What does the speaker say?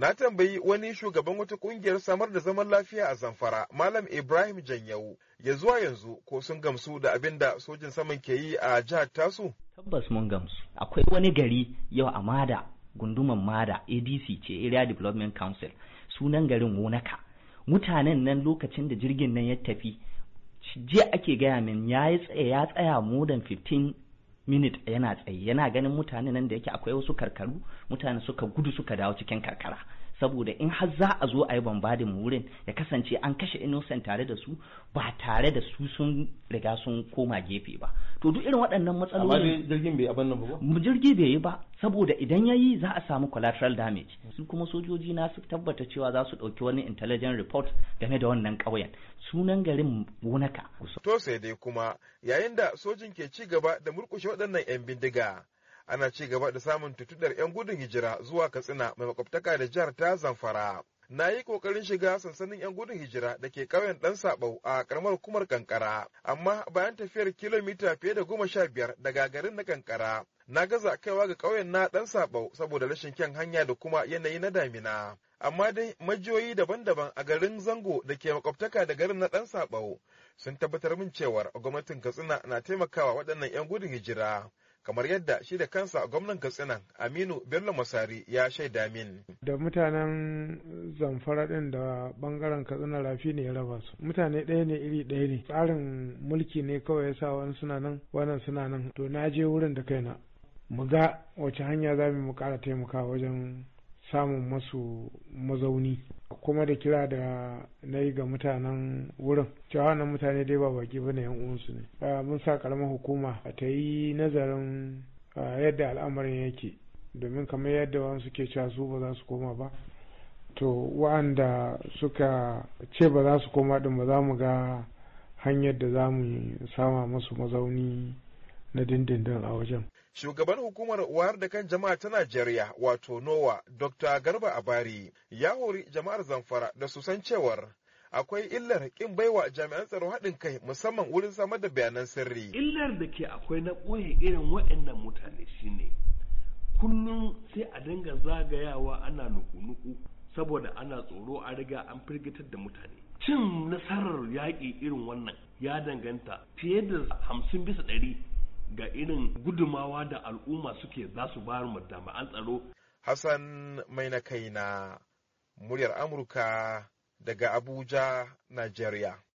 Na tambayi wani shugaban wata kungiyar samar da zaman lafiya a Zamfara, Malam Ibrahim Janyau, ya zuwa yanzu ko sun gamsu da abin da sojin saman ke yi a jihar tasu? Tabbas mun gamsu. Akwai wani gari yau a Mada, gunduman Mada, ADC ce Area Development Council, sunan garin Wonaka. Mutanen nan lokacin da jirgin nan ya tafi, jiya ake gaya min ya tsaya ya tsaya 15 minit yana tsaye yana ganin mutane nan da yake akwai wasu karkaru mutane suka gudu suka dawo cikin karkara saboda in har za a zo a yi bambadin wurin ya kasance an kashe innocent tare da su ba tare da su sun riga sun koma gefe ba to duk irin waɗannan amma jirgin bai abin nan ba jirgi bai yi ba saboda idan yayi za a samu collateral damage su kuma sojoji na su tabbata cewa za su ɗauki wani intelligent report game da wannan ƙauyen sunan garin gonaka to sai dai kuma yayin da sojin ke ci gaba da murƙushe waɗannan 'yan bindiga ana ci gaba da samun tutudar 'yan gudun hijira zuwa katsina mai makwabtaka da jihar ta zamfara na yi kokarin shiga sansanin 'yan gudun hijira da ke ƙauyen ɗan saɓau a karamar hukumar kankara amma bayan tafiyar kilomita fiye da goma sha biyar daga garin na kankara na gaza kaiwa ga ƙauyen na ɗan saɓau saboda rashin kyan hanya da kuma yanayi na damina amma dai majiyoyi daban-daban a garin zango da ke makwabtaka da garin na ɗan saɓau sun tabbatar min cewar gwamnatin katsina na taimakawa waɗannan 'yan gudun hijira kamar yadda shi da kansa gwamnan katsinan aminu bello masari ya shaida min da mutanen zamfara din da bangaren katsina rafi ne ya raba su mutane ɗaya ne iri ɗaya ne tsarin mulki ne kawai ya sa wani suna nan wannan suna nan to na je wurin da kaina mu ga wace hanya za mu ƙara taimaka wajen samun masu mazauni kuma da kira da na yi ga mutanen wurin cewa na mutane dai ba baki ba na uwansu ne ah, mun sa karamar hukuma ta yi nazarin ah, yadda al'amarin yake domin kamar yadda wani suke cewa su ba za su koma ba to wa'anda suka ce ba za su koma din ba za mu ga hanyar da za mu sama masu mazauni na dindindin a wajen. Shugaban hukumar wayar da kan jama'a ta Najeriya wato NOWA Dr. Garba Abari ya hori jama'ar Zamfara da su san cewar akwai illar kin baiwa jami'an tsaro haɗin kai musamman wurin samar da bayanan sirri. Illar da ke akwai na ɓoye irin waɗannan mutane shine kullum sai a dinga zagayawa ana nuku-nuku saboda ana tsoro a riga an firgitar da mutane. Cin nasarar yaƙi irin wannan ya danganta fiye da hamsin bisa ɗari ga irin gudumawa da al'umma suke za su bayar mu an tsaro. Hassan mai na kai na muryar Amurka daga Abuja, Najeriya.